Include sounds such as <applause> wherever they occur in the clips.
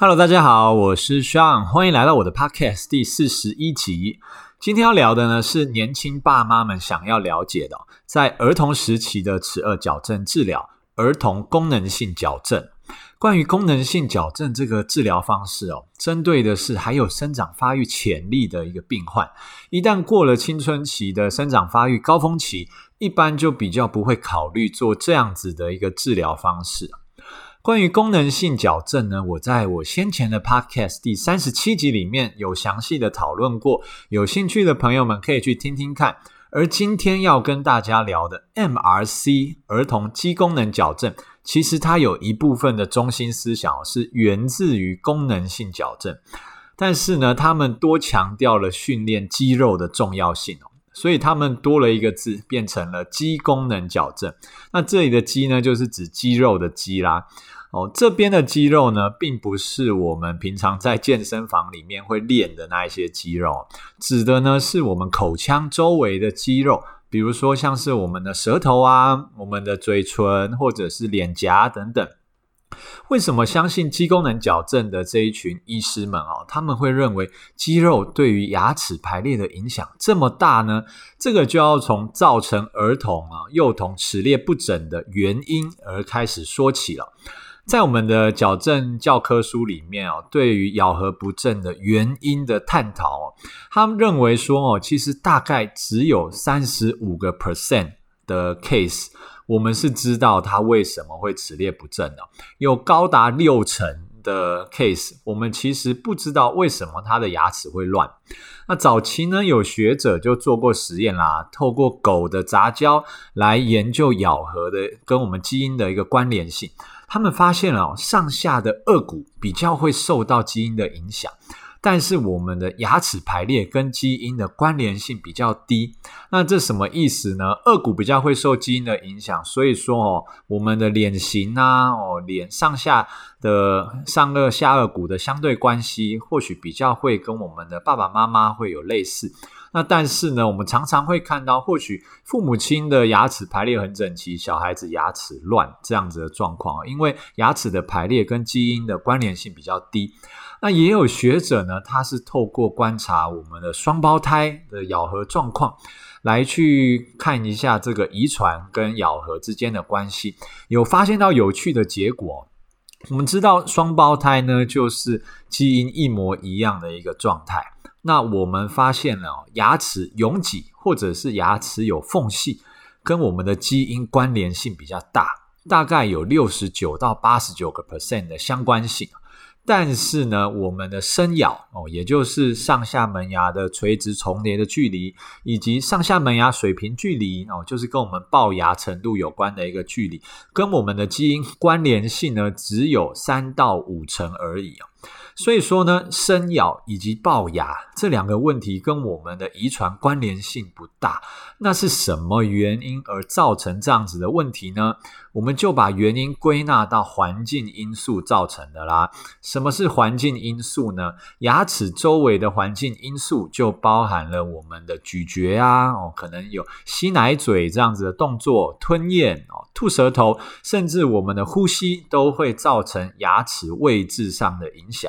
Hello，大家好，我是 Sean，歡迎來到我的 podcast 第四十一集。今天要聊的呢是年輕爸媽們想要了解的，在兒童時期的齒顎矯正治療，兒童功能性矯正。關於功能性矯正這個治療方式哦，針對的是還有生長發育潛力的一個病患，一旦過了青春期的生長發育高峰期，一般就比較不會考慮做這樣子的一個治療方式。關於功能性矯正呢，我在我先前的 Podcast 第三十七集裡面有詳細的討論過，有興趣的朋友們可以去聽聽看。而今天要跟大家聊的 MRC 兒童肌功能矯正，其實它有一部分的中心思想哦，是源自於功能性矯正，但是呢，他們多強調了訓練肌肉的重要性哦，所以他們多了一個字，變成了肌功能矯正。那這裡的“肌”呢，就是指肌肉的“肌”啦。哦，這邊的肌肉呢，並不是我們平常在健身房裡面會練的那一些肌肉，指的呢是我們口腔周圍的肌肉，比如說像是我們的舌頭啊、我們的嘴唇或者是臉頰等等。為什麼相信肌功能矯正的這一群醫師們啊，哦，他們會認為肌肉對於牙齒排列的影響這麼大呢？這個就要從造成兒童啊、幼童齒列不整的原因而開始說起了。在我們的矯正教科書裡面哦，對於咬合不正的原因的探討、哦，他們認為說哦，其實大概只有三十五個 percent 的 case，我們是知道它為什麼會齒列不正的、哦，有高達六成的 case，我們其實不知道為什麼它的牙齒會亂。那早期呢，有學者就做過實驗啦，透過狗的雜交來研究咬合的跟我們基因的一個關聯性。他們發現了哦，上下的顎骨比較會受到基因的影響。但是我們的牙齒排列跟基因的關聯性比較低，那這什麼意思呢？顎骨比較會受基因的影響，所以說哦，我們的臉型啊，哦臉上下的上顎下顎骨的相對關係，或許比較會跟我們的爸爸媽媽會有類似。那但是呢，我們常常會看到，或許父母親的牙齒排列很整齊，小孩子牙齒亂這樣子的狀況，因為牙齒的排列跟基因的關聯性比較低。那也有學者呢，他是透過觀察我們的雙胞胎的咬合狀況，來去看一下這個遺傳跟咬合之間的關係，有發現到有趣的結果。我們知道雙胞胎呢，就是基因一模一樣的一個狀態。那我們發現了牙齒擁擠或者是牙齒有縫隙，跟我們的基因關聯性比較大，大概有六十九到八十九個 percent 的相關性。但是呢，我們的深咬哦，也就是上下門牙的垂直重疊的距離，以及上下門牙水平距離哦，就是跟我們齙牙程度有關的一個距離，跟我們的基因關聯性呢，只有三到五成而已啊、哦。所以說呢，深咬以及齙牙這兩個問題跟我們的遺傳關聯性不大。那是什麼原因而造成這樣子的問題呢？我們就把原因歸納到環境因素造成的啦。什麼是環境因素呢？牙齒周圍的環境因素就包含了我們的咀嚼啊，哦，可能有吸奶嘴這樣子的動作、吞咽哦、吐舌頭，甚至我們的呼吸都會造成牙齒位置上的影響。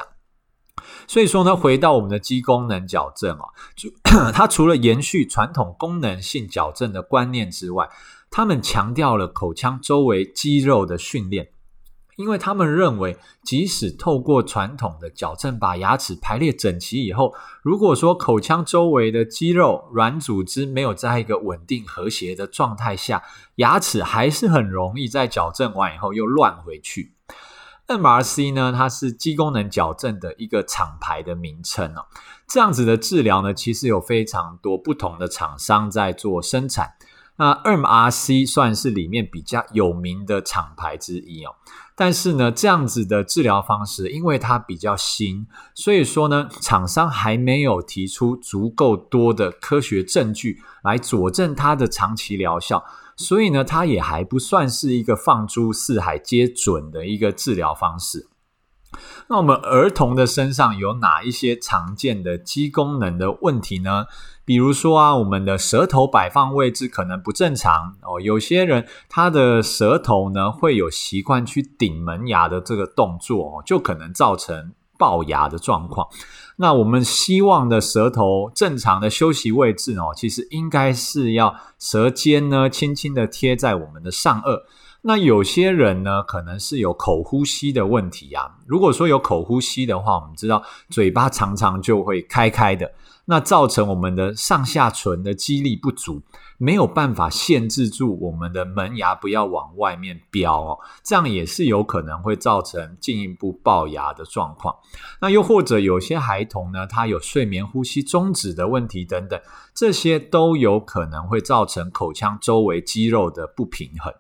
所以說呢，回到我們的肌功能矯正啊，就它 <coughs> 除了延續傳統功能性矯正的觀念之外，他們強調了口腔周圍肌肉的訓練，因為他們認為，即使透過傳統的矯正把牙齒排列整齊以後，如果說口腔周圍的肌肉軟組織沒有在一個穩定和諧的狀態下，牙齒還是很容易在矯正完以後又亂回去。MRC 呢，它是肌功能矯正的一個廠牌的名稱哦。這樣子的治療呢，其實有非常多不同的廠商在做生產。那 MRC 算是裡面比較有名的廠牌之一哦。但是呢，這樣子的治療方式，因為它比較新，所以說呢，廠商還沒有提出足夠多的科學證據來佐證它的長期療效。所以呢，它也還不算是一個放諸四海皆準的一個治療方式。那我們兒童的身上有哪一些常見的肌功能的問題呢？比如說啊，我們的舌頭擺放位置可能不正常哦。有些人他的舌頭呢，會有習慣去頂門牙的這個動作哦，就可能造成。齙牙的狀況，那我們希望的舌頭正常的休息位置哦，其實應該是要舌尖呢，輕輕的貼在我們的上顎。那有些人呢，可能是有口呼吸的問題啊。如果說有口呼吸的話，我們知道嘴巴常常就會開開的，那造成我們的上下唇的肌力不足，沒有辦法限制住我們的門牙不要往外面飆哦，這樣也是有可能會造成進一步齙牙的狀況。那又或者有些孩童呢，他有睡眠呼吸中止的問題等等，這些都有可能會造成口腔周圍肌肉的不平衡。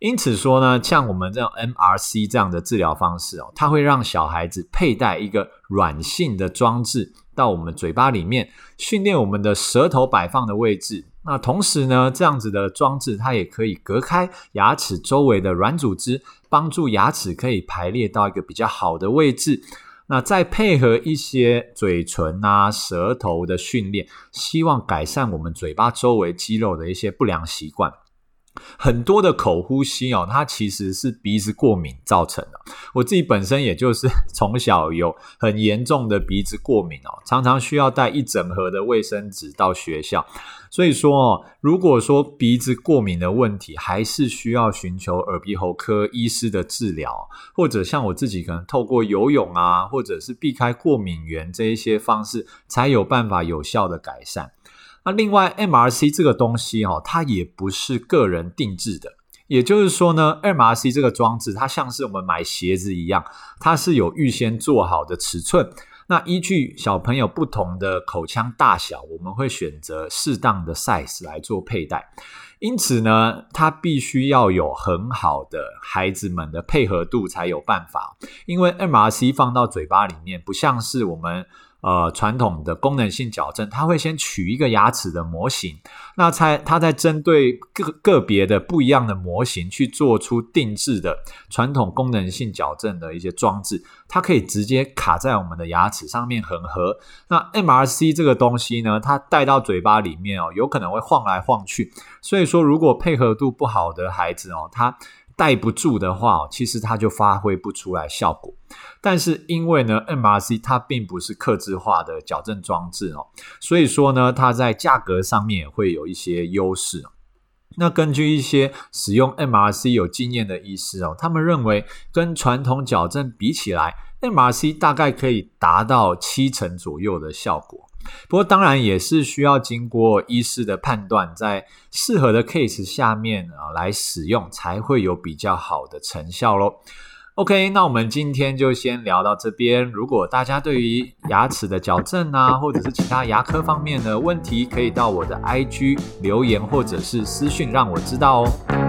因此說呢，像我們這種 MRC 這樣的治療方式哦，它會讓小孩子佩戴一個軟性的裝置到我們嘴巴裡面，訓練我們的舌頭擺放的位置。那同時呢，這樣子的裝置它也可以隔開牙齒周圍的軟組織，幫助牙齒可以排列到一個比較好的位置。那再配合一些嘴唇啊、舌頭的訓練，希望改善我們嘴巴周圍肌肉的一些不良習慣。很多的口呼吸哦，它其實是鼻子過敏造成的。我自己本身也就是從小有很嚴重的鼻子過敏哦，常常需要帶一整盒的衛生紙到學校。所以說哦，如果說鼻子過敏的問題，還是需要尋求耳鼻喉科醫師的治療，或者像我自己可能透過游泳啊，或者是避開過敏源這一些方式，才有辦法有效的改善。那、啊、另外，MRC 這個東西哈、哦，它也不是個人定制的。也就是說呢，MRC 這個裝置，它像是我們買鞋子一樣，它是有預先做好的尺寸。那依據小朋友不同的口腔大小，我們會選擇適當的 size 來做佩戴。因此呢，它必須要有很好的孩子們的配合度才有辦法。因為 MRC 放到嘴巴裡面，不像是我們。呃，傳統的功能性矯正，它會先取一個牙齒的模型，那才它在針對個個別的不一樣的模型去做出定製的傳統功能性矯正的一些裝置，它可以直接卡在我們的牙齒上面，很合。那 MRC 這個東西呢，它帶到嘴巴裡面哦，有可能會晃來晃去，所以說如果配合度不好的孩子哦，他。戴不住的話，哦，其實它就發揮不出來效果。但是因為呢，MRC 它並不是客製化的矯正裝置哦，所以說呢，它在價格上面也會有一些優勢。那根據一些使用 MRC 有經驗的醫師哦，他們認為跟傳統矯正比起來，MRC 大概可以達到七成左右的效果。不過當然也是需要經過醫師的判斷，在適合的 case 下面啊來使用，才會有比較好的成效咯。OK，那我們今天就先聊到這邊。如果大家對於牙齒的矯正啊，或者是其他牙科方面的問題，可以到我的 IG 留言或者是私訊讓我知道哦。